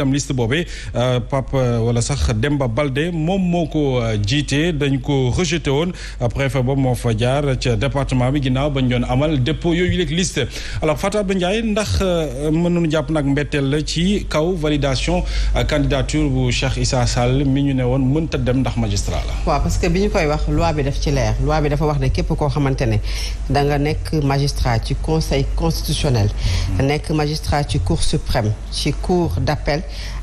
tam liste boobee euh, Pape euh, wala sax dem ba Balde moom moo ko euh, jiite dañ ko rejeté woon préfet ba moo fa jaar ca département bi ginnaaw bañ doon amal dépôt yooyu léegi liste alors Fatou Abdou Ndiaye ndax mënuñu jàpp nag mbetteel la ci kaw validation candidature bu Cheikh Issa Sall mi ñu ne woon mënta dem ndax magistrat la. waaw parce que bi ñu koy wax loi bi daf ci leer loi bi dafa wax ne képp koo xamante ne da nga nekk magistrat ci conseil constitutionnel. Hmm. nekk magistrat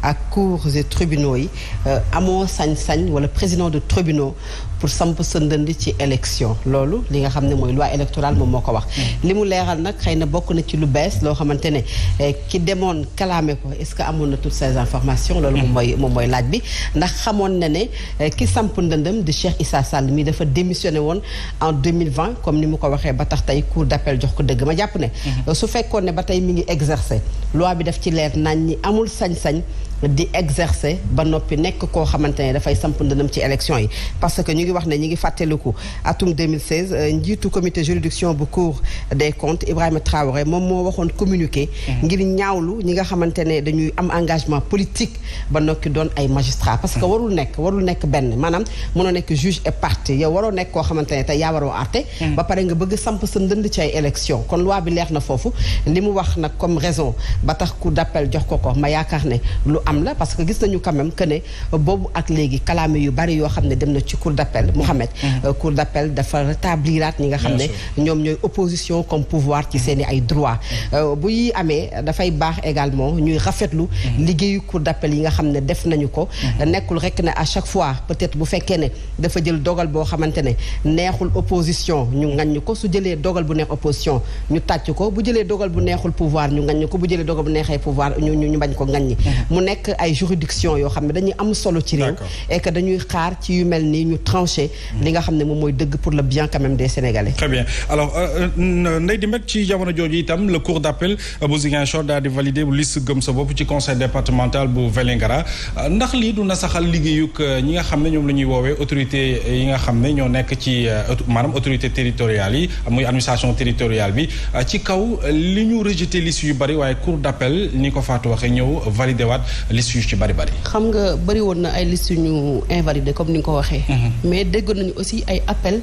ak cours et tribunaux yi euh, amoo sañ-sañ wala président de tribunaux pour samp sëndëndi ci élection loolu li nga xam ne mooy loi électorale moom moo ko wax li mu leeral nag xëy na bokk na ci lu bees loo xamante ne eh, ki demoon kalaame ko est-ce que amoon na toutes ces informations loolu moom mooy moom mooy laaj bi ndax na ne eh, ki samp ndëndëm di Cheikh Issa Sall mi dafa démissionné woon en 2020 comme ni mu ko waxee ba tax tey cour d'appel jox ko dëgg ma jàpp ne mhm. su fekkoon ne ba tey mi ngi exercer loi bi def ci leer nañ ñi amul sañ-sañ di exercer ba noppi nekk koo xamante ne dafay samp ndënam ci élection yi parce que ñu ngi wax ne ñu ngi fàttaliku atum 2016 euh, njiitu comité juridiction bu cour des comptes Ibrahima Traoré moom moo waxoon communiqué. Mm. ngir ñaawlu ñi nga xamante ne dañuy am engagement politique ba noppi doon ay magistrat parce que mm. warul nekk warul nekk benn maanaam mënoo nekk juge et partie yow waroo nekk koo xamante ne te yaa waroo àtte. Mm. ba pare nga bëgg samp sa ndënd ci ay élection kon loi bi leer na foofu li mu wax nag comme raison ba tax cour d'appel jox ko ko ma yaakaar ne lu am la parce que gis nañu quand même que ne boobu ak léegi kalaame yu bari yoo xam ne dem na ci cour d'appel Mohamed mm-hmm. euh, cour d'appel dafa rétabliraat ñi nga xam ne ñoom ñooy opposition comme pouvoir ci seen i ay droit mm-hmm. euh, bu yi amee dafay baax également ñuy rafetlu mm-hmm. liggéeyu cour d'appel yi nga xam ne def nañu ko nekkul rek ne à chaque fois peut-être bu fekkee ne dafa jël dogal boo xamante ne neexul opposition ñu ngañ ko su jëlee dogal bu neex opposition ñu tàcc ko bu jëlee dogal bu neexul pouvoir ñu ngañ ko bu jëlee dogal bu neexee pouvoir ñu ñu bañ ko ngañ mu nekk ay juridiction yoo xam ne dañuy am solo ci réew et dañuy xaar ci yu mel nii ñu tranché hmm. li nga xam ne moom mooy dëgg pour le bien quand même des Sénégalais très bien alors euh, euh, Ndeye Dimbek ci jamono jooju itam le cours d'appel euh, bu Ziguinchor daal di validé bu liste gëm sa bopp ci conseil départemental bu Vélingara ndax lii du nasaxal liggéeyuk ñi nga xam ne ñoom la ñuy woowee autorité yi nga xam ne ñoo nekk ci maanaam autorité territoriale yi muy administration territoriale bi ci kaw li ñu rejeté liste yu bari waaye cours d'appel ni ko Fatou waxee ñëw validé waat liste yu ci bari bari. xam nga bari na ay liste yu ñu invalidé comme ni nga ko waxee. Mhm. mais déggoon nañu aussi ay appel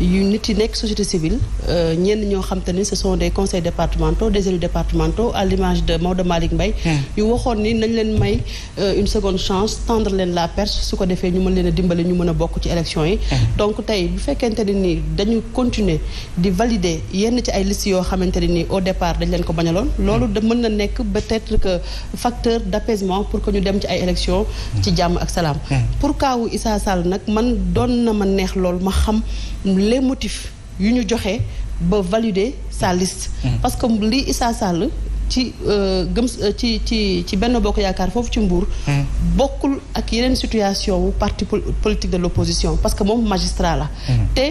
yu nit yi nekk société civile euh, ñenn ñoo xam te ni ce sont des conseils départementaux des élus départementaux à l'image de Maodo Malick mhm. yu waxoon ni nañ leen may euh, une seconde chance tendre leen la perche su ko defee ñu mën leen a dimbali ñu mën a bokk ci élection yi. Mhm. donc tey bu fekkente ne ni dañu continuer di valider yenn ci ay liste yoo xamante ne ni au dañ leen ko bañaloon. pour que ñu dem ci ay élections. ci jàmm ak salaam. pour kaawu Issa Sall nag man doon na ma neex lool ma xam les motifs yu ñu joxe ba valider sa mm. parce que lii Issa Sall ci euh, gëm euh, ci ci ci benn bokk yaakaar foofu ci Mbour. Mm. bokkul ak yeneen situation wu parti politique de l'opposition parce que moom magistrat la. Mm. te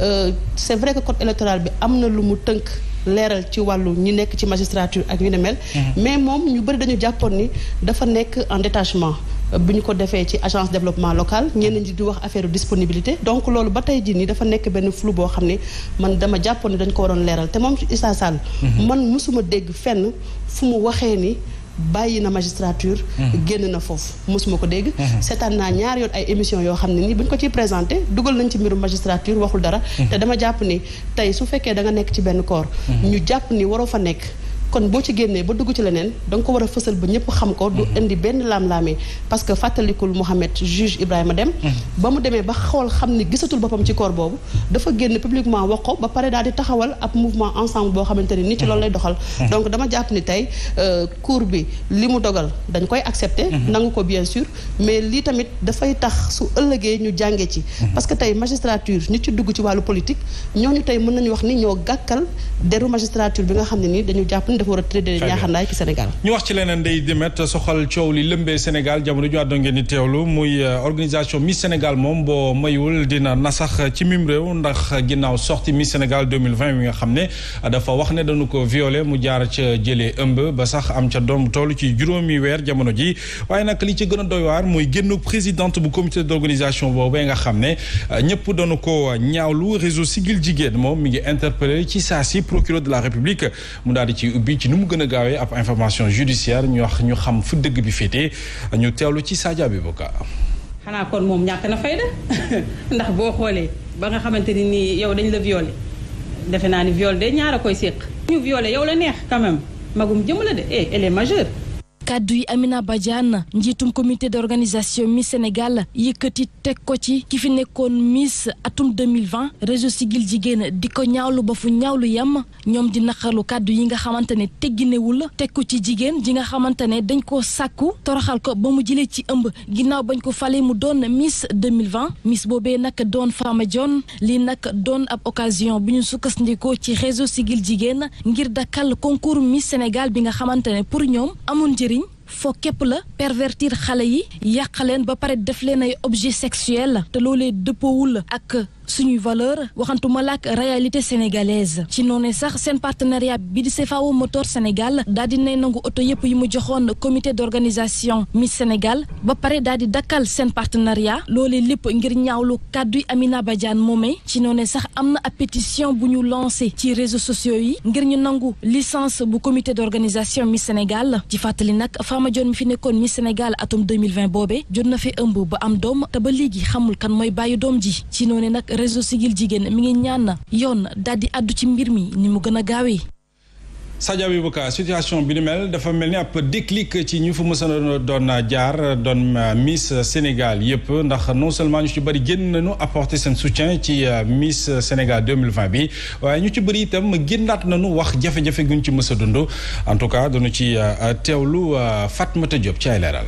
euh, c'est vrai que code électoral bi am na lu mu tënk. leeral ci wàllu ñi nekk ci magistrature ak yu mel. Mhm. mais moom ñu bëri dañu jàppoon ni dafa nekk en détachement bu ñu ko defee ci agence développement local ñenn ñi di wax affaire disponibilité donc loolu ba tey ji nii dafa nekk benn flou boo xam ne man dama jàppoon ni dañ ko waroon leeral te moom Issa Sall mhm. man mosuma dégg fenn fu mu waxee ni bàyyi na magistrature. Mhm. génn na foofu mosuma ko dégg. Mhm. seetaan naa ñaari yoon ay émission yoo xam ne nii buñ ko ciy présenté dugal nañ ci mbirum magistrature waxul dara. Mhm. te dama jàpp ni tey su fekkee da nga nekk ci benn corps. ñu jàpp ni waroo fa nekk. kon boo ci génnee ba dugg ci leneen da nga ko war a fësal ba ñëpp xam ko. du mm-hmm. indi benn laam-laamee parce que fàttalikul Mohamed juge Ibrahima Dem. Mm-hmm. ba mu demee ba xool xam ne gisatul boppam ci koor boobu dafa génn publiquement wax ko ba pare daal di taxawal ab mouvement ensemble boo xamante ni nit ci loolu lay mm-hmm. doxal. donc dama jàpp ni tey euh, cour bi li mu dogal dañ koy accepter. nangu ko bien sûr mais lii tamit dafay tax su ëllëgee ñu jàngee ci. parce que tey magistrature nit ci dugg ci wàllu politique ñooñu tey mën nañu wax ni ñoo gàkkal deru magistrature bi nga xam ne ni dañu jàpp dafa war a traité ñaaxanaay ci Sénégal ñu wax ci leneen day demet soxal coow li lëmbee Sénégal jamono ju àddoo ngeen di teewlu muy euh, organisation Miss Sénégal moom boo mayul dina sax ci mim réew ndax ginnaaw sorti Miss Sénégal 2020 bi nga xam ne dafa wax ne dañu ko violé mu jaar ca jëlee ëmb ba sax am ca doom toll ci juróomi weer jamono ji waaye nag li ci gën a doy waar muy génn présidente bu comité d'organisation boobee nga xam ne ñëpp dañu ko ñaawlu réseau Siggil Jigéen moom mu ngi interpellé ci saa si procureur de la République mu daal ci ubbi bi ci nu mu gën a gaawee ab information judiciaire ñu wax ñu xam fu dëgg bi féetee ñu teewlu ci Sadio Abiboka. xanaa kon moom ñàkk na fayda ndax boo xoolee ba nga xamante ni nii yow dañ la violé defe naa ni viol de ñaar a koy séq. ñu violé yow la neex quand magum jëm la de eh elle est kaddu yi Amina Badiane njiitum comité d'organisation Miss Sénégal yëkkati teg ko ci ki fi nekkoon Miss atum 2020 réseau Siggil Jigéen di ko ñaawlu ba fu ñaawlu yem ñoom di naqarlu kàddu yi nga xamante ne tegginewul teg ko ci jigéen ji nga xamante ne dañ koo sàkku toroxal ko ba mu jëlee ci ëmb ginnaaw bañ ko falee mu doon Miss 2020 Miss boobee nag doon Fama Dione lii nag doon ab occasion bu ñu sukkandikoo ci réseau Siggil Jigéen ngir dakkal concours Miss Sénégal bi nga xamante ne pour ñoom amul njëriñ foo képp la pervertir xale yi yàq leen ba pare def leen ay objet sexuel te loolee dëppoowul ak suñuy valeur waxantuma lak réalité sénégalaise ci noonu sax seen partenariat bi di CFAO Motor Sénégal daal di nay nangu oto yëpp yi mu joxoon comité d'organisation mi Sénégal ba pare daal di dakkal seen partenariat loolee lépp ngir ñaawlu kàdduy Amina Badiane moomee ci noone sax am na ab bu ñu lancé ci réseaux sociaux yi ngir ñu nangu licence bu comité d'organisation Miss Sénégal ci fàttali nag Fama Dione mi fi nekkoon Miss Sénégal atum 2020 boobee jot na fi ëmb ba am doom te ba léegi xamul kan mooy bàyyi doom ji ci noonu nag réseau Siggil Jigéen mi ngi ñaan na yoon daal di àddu ci mbir mi ni mu gën a gaawee. Sadio Abibouka situation bi ni mel dafa mel ni ab déclic ci ñu fa mës a doon jaar doon Miss Sénégal yëpp ndax non seulement ñu ci bëri génn nañu apporter seen soutien ci euh, Miss Sénégal 2020 bi waaye ñu ci bëri itam génnaat nañu wax jafe-jafe ñu ci mës a dund en tout cas dañu ci lu euh, teewlu euh, Fatmata Diop ci ay leeral.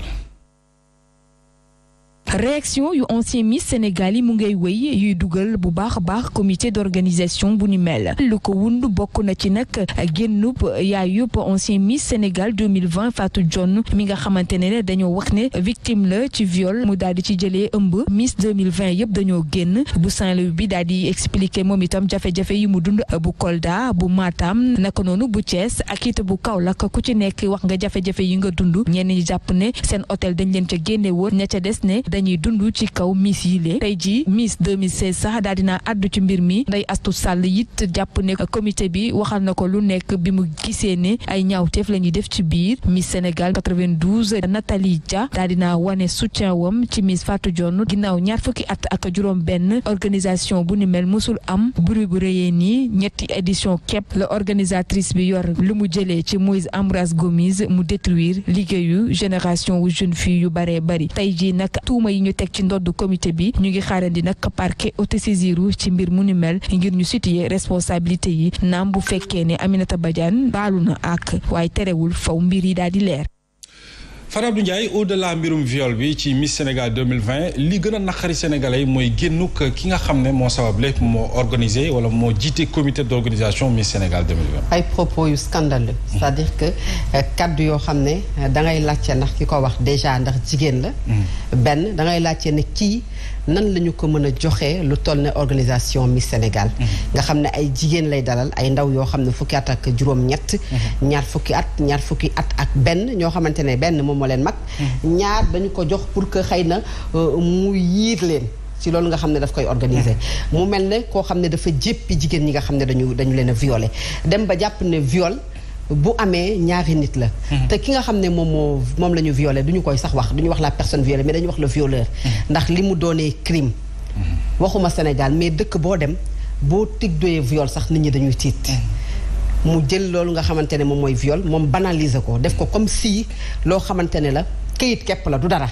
réaction yu ancien Miss Sénégal yi mu ngay wéy yuy dugal bu baax a baax comité d'organisation bu ni mel lu ko wund bokk na ci nag génn yaay yëpp ancien Miss Sénégal 2020 Fatou John mi nga xamante ne dañoo wax ne victime la ci viol mu daal di ci jëlee ëmb Miss 2020 yëpp dañoo génn bu Saint-Louis bi daal di expliquer moom itam jafe-jafe yi mu dund bu Kolda bu maatam naka noonu bu cees ak it bu Kaolack ku ci nekk wax nga jafe-jafe yi nga dund ñenn ñi jàpp ne seen hôtel dañu leen ca génne woon ña ca des ne dañuy dund ci kaw miss yi lee tey jii miss 2016 sax daal dina addu ci mbir mi Ndeye Astou Sall it jàpp ne comité bi waxal na ko lu nekk bi mu gisee ne ay ñaawteef la ñuy def ci biir miss Sénégal 92 Nathalie Dia daal dina wane soutien wam ci miss Fatou Dione ginnaaw ñaar fukki at ak juróom benn organisation bu ni mel mosul am buri bu rëyee nii ñetti édition képp la organisatrice bi yor lu mu jëlee ci Moïse Ambroise Gomis mu détruire liggéeyu génération wu jeune fille yu bare bari tuuma yi ñu teg ci ndoddu comité bi ñu ngi xaarandi nag parquet autosaisiru ci mbir mu ni mel ngir ñu situer responsabilité yi naam bu fekkee ne Aminata Badiane baalu na ak waaye terewul faw mbir yi daal di leer Fadabdou Ndiaye au delà mbirum viole bi ci Miss Sénégal 2020 li gën a naqari sénégalais mooy génnuk ki nga xam ne moo sabab lépp moo organisé wala moo jiitee comité d' organisation Miss Sénégal 2020. ay propos yu scandaleux. Mmh. c' est à dire que euh, kaddu yoo xam ne euh, dangay ngay ndax ki ko wax déjà ndax jigéen la. Mmh. benn da ngay laajte ne kii. nan la ñu ko mën a joxee lu toll ne organisation mi Sénégal mhm. nga xam ne ay jigéen lay dalal ay ndaw yoo xam ne fukki at ak mhm. ñaar fukki at ñaar fukki at ak benn ñoo xamante ne benn moom moo leen mag mhm. ñaar dañu ko jox pour que xëy na euh, mu yiir leen ci loolu nga xam ne daf koy organiser mu mel ne koo xam ne dafa jéppi jigéen ñi nga xam ne dañu dañu leen a violé dem ba jàpp ne viole bu amee ñaari nit la. Mhm. te ki nga xam ne moom moo moom la ñu violé du koy sax wax du ñu wax la personne violée mais dañu wax la violeur. Mhm. ndax li mu doonee crime. Mhm. waxuma Sénégal mais dëkk boo dem boo tiggee viole sax nit ñi dañuy tiit. mu jël loolu nga xamante ne moom mooy viole moom banaliser ko def ko comme si loo xamante ne la këyit képp la du dara.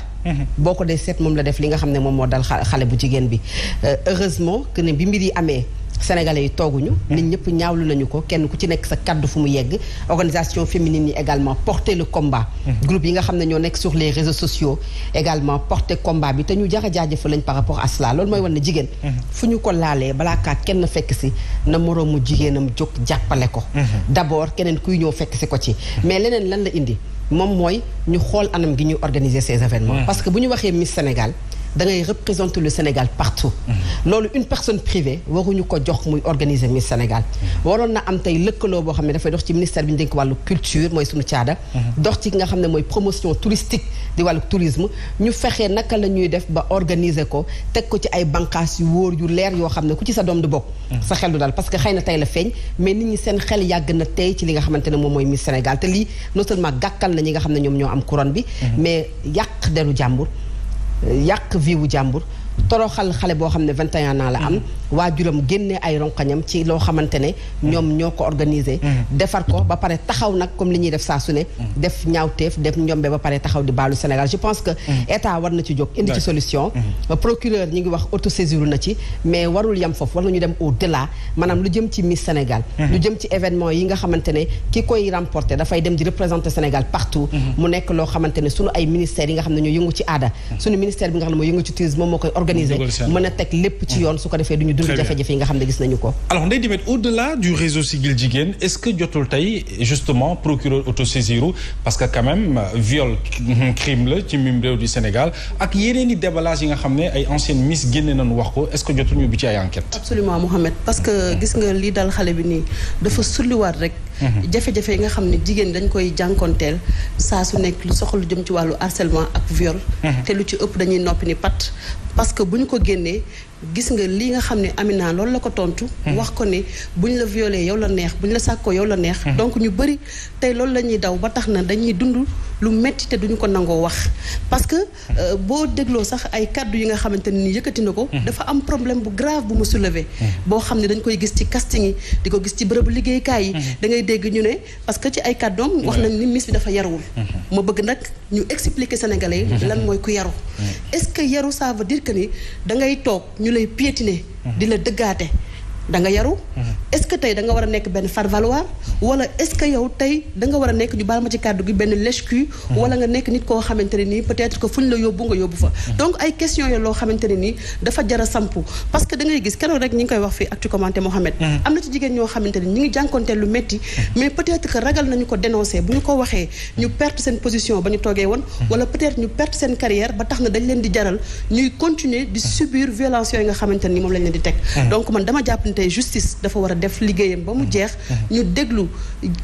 boo ko dee seet moom la def li nga xam ne moom moo dal xale bu jigéen bi euh, heureusement que ne bi mbir yi amee. sénégalais yi tooguñu hmm. nit ñëpp ñaawlu nañu ko kenn ku ci nekk sa kàddu fu mu yegg organisation féminine yi également porté lu combat hmm. groupe yi nga xam ne ñoo nekk sur les réseaux sociaux également porter combat bi te ñu jara jaajëfal lañ par rapport à cela loolu mooy wan ne jigéen hmm. fu ñu ko laalee balaa kaat kenn fekk si na moroomu jigéenam jóg jàppale ko d'abord keneen kuy ñëw fekk si ko ci mais leneen lan la indi moom mooy ñu xool anam gi ñuy organiser ces événements parce que bu ñu waxee Miss Sénégal da ngay représenter le Sénégal partout. Mm-hmm. loolu une personne privée waruñu ko jox muy organiser Miss Sénégal. Mm-hmm. waroon na am tey lëkkaloo boo xam ne dafay dox ci ministère bi ñu dénk wàllu culture mooy suñu caada. Mm-hmm. dox ci nga xam ne mooy promotion touristique di wàllu tourisme ñu fexe naka la ñuy def ba organiser ko teg ko ci ay bànqaas yu wóor yu leer yoo xam ne ku ci sa doom du bokk. sa xel du dal parce que xëy na tey la feeñ mais nit ñi seen xel yàgg na tey ci li nga xamante ne moom mooy Miss Sénégal te lii gàkkal na ñi nga xam ne ñoom ñoo am couronne bi. mais yàq deru jàmbur. yàq vie wu jàmbur toroxal xale boo xam ne 21 ans la am waajuram génne ay ronkañam ci loo xamante ne ñoom ñoo ko organisé mm-hmm. defar ko ba pare taxaw nag comme li ñuy def saa su ne mm-hmm. def ñaawteef def njombe ba pare taxaw di baalu Sénégal je pense que mm-hmm. état war na ci jóg indi ci solution euh, procureur ñu ngi wax autosaisir na ci mais warul yam foofu war nañu dem au delà maanaam lu jëm ci Miss Sénégal lu jëm ci événement yi nga xamante ne ki koy remporter dafay dem organisé mën a teg lépp ci yoon su ko defee du ñu jafe-jafe yi nga xam ne gis nañu ko alors Ndeye Dimet au delà du réseau Siggil Jigéen est ce que jotul tey justement procureur autosaisiru parce que quand même euh, euh, crime la ci mim réew du Sénégal ak yeneen i yi nga xam ne ay ancienne miss génne nañu wax ko est ce que jotul ñu bi ci ay enquête absolument Mohamed parce que gis nga lii dal xale bi nii dafa sulliwaat rek Mm-hmm. jafe-jafe yi nga xam ne jigéen dañ koy jànkonteel saa su nekk lu soxla jëm ci wàllu harcèlement ak viol mm-hmm. te lu ci ëpp dañuy noppi ni pat parce que bu ñu ko génnee gis nga lii nga xam ne Amina loolu la ko tontu. Hmm. wax ko ne buñ la violé yow la neex buñ la sàkkoo yow la neex. Hmm. donc ñu bari tey loolu la ñuy daw ba tax na dañuy dund lu métti te ñu ko nangoo wax. parce que hmm. euh, boo dégloo sax ay kàddu yi nga xamante ne nii yëkkati na ko. dafa am problème bu grave bu mu soulevé. boo xam ne dañ koy gis ci casting yi di ko gis ci bërëbu liggéeykaay yi. da ngay dégg ñu ne parce que ci ay kàddoom. wax nañ ni Miss bi dafa yaruwul. ma bëgg nag ñu expliquer sénégalais. lan mooy ku yaru. lay piétiner. di la dëggaate danga nga yaru. Mm-hmm. que da nga war a nekk benn farvaloir wala est ce yow tey da war a nekk ñu baal ma ci kàddu gi benn lèche-cul mhm. wala nga nekk nit koo xamante ne nii peut être que fu ñu la yóbbu nga yóbbu fa mhm. donc ay question yo loo xamante ne nii dafa jara sampu parce que da ngay gis keroog rek ñi ngi koy wax fii ak ci commenté Mohamed mhm. am na ci jigéen ñoo xamante ne ñi ngi jànkonteel lu métti mais peut être que ragal nañu ko dénoncer bu ñu toogee woon wala peut être ñu perte seen carrière ba tax dañ leen di jaral ñuy continuer di subir violence yooyu nga xamante ne moom lañ leen di teg donc man dama jàpp ne tey justice dafa war a def liggéeyam ba mu jeex ñu déglu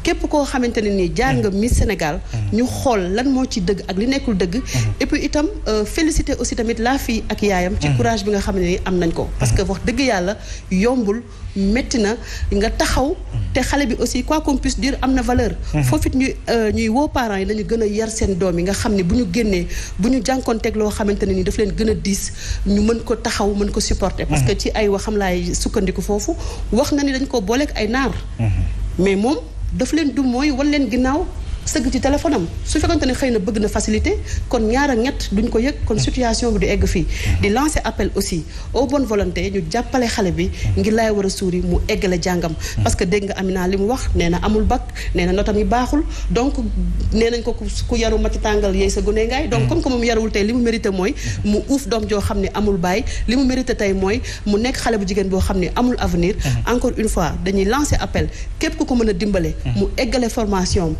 képp koo xamante ne nii jaar nga Sénégal ñu xool lan moo ci dëgg ak li nekkul dëgg et puis itam euh, féliciter aussi tamit la fi ak yaayam ci courage bi nga xam ne ni am nañ ko parce que wax dëgg yàlla yombul métti na nga taxaw te xale bi aussi quoi qu'on puisse dire am na valeur mhm. foofu it ñuy euh, ñuy woo parents yi nañu gën a yar seen doom yi nga xam ne bu ñu génnee bu ñu teg loo xamante ne ni daf leen gën a diis ñu mën ko taxaw mën ko supporter parce que mhm. ci ay waxam laay sukkandiku foofu wax na ni dañ ko booleeg ay naar mhm. mais moom daf leen du mooy wan leen ginnaaw sëgg ci téléphone am su fekkonte ne xëy na bëgg na facilité kon ñaar ñett duñ ko yëg kon situation bi du egg fii di lancer appel aussi au bonnes volontés ñu jàppale xale bi ngir lay war a suuri mu eggale jàngam parce que dégg nga Amina li mu wax nee na amul bac nee na notam yi baaxul donc nee nañ ko ku yaru ma ci tàngal yeey sa gone ngaay donc comme que moom yaruwul tey li mu mérité mooy mu uuf doom joo xam ni amul baay li mu mérité tey mooy mu nekk xale bu jigéen boo xam ni amul avenir mmh. encore une fois dañuy lancer appel képp ku ko mën a dimbale mmh. mu eggale formation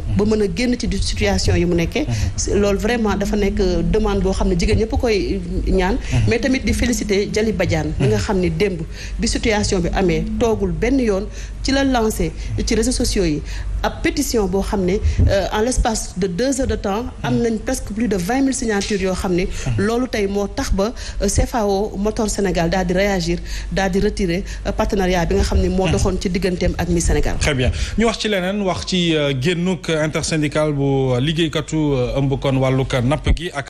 génn ci situation yi mu nekkee mhm. lool vraiment dafa nekk demande boo xam ne jigéen ñëpp koy ñaan mhm. mais tamit di féliciter Jali Badiane mi nga mhm. xam ne démb bi situation bi amee toogul benn yoon ci la lancé ci réseaux sociaux yi ab pétition boo xam ne euh, en l'espace de deux heures de temps am nañ presque plus de vingt mille signatures yoo xam ne loolu tey moo tax ba euh, CFAO Motor Sénégal daal di réagir daal di retirer euh, partenariat bi nga xam ne moo doxoon ci digganteem ak mi Sénégal très bien ñu wax ci leneen wax ci génnuk intersyndical syndical bu euh, liggéeykatu euh, ëmb kon wàllug napp gi ak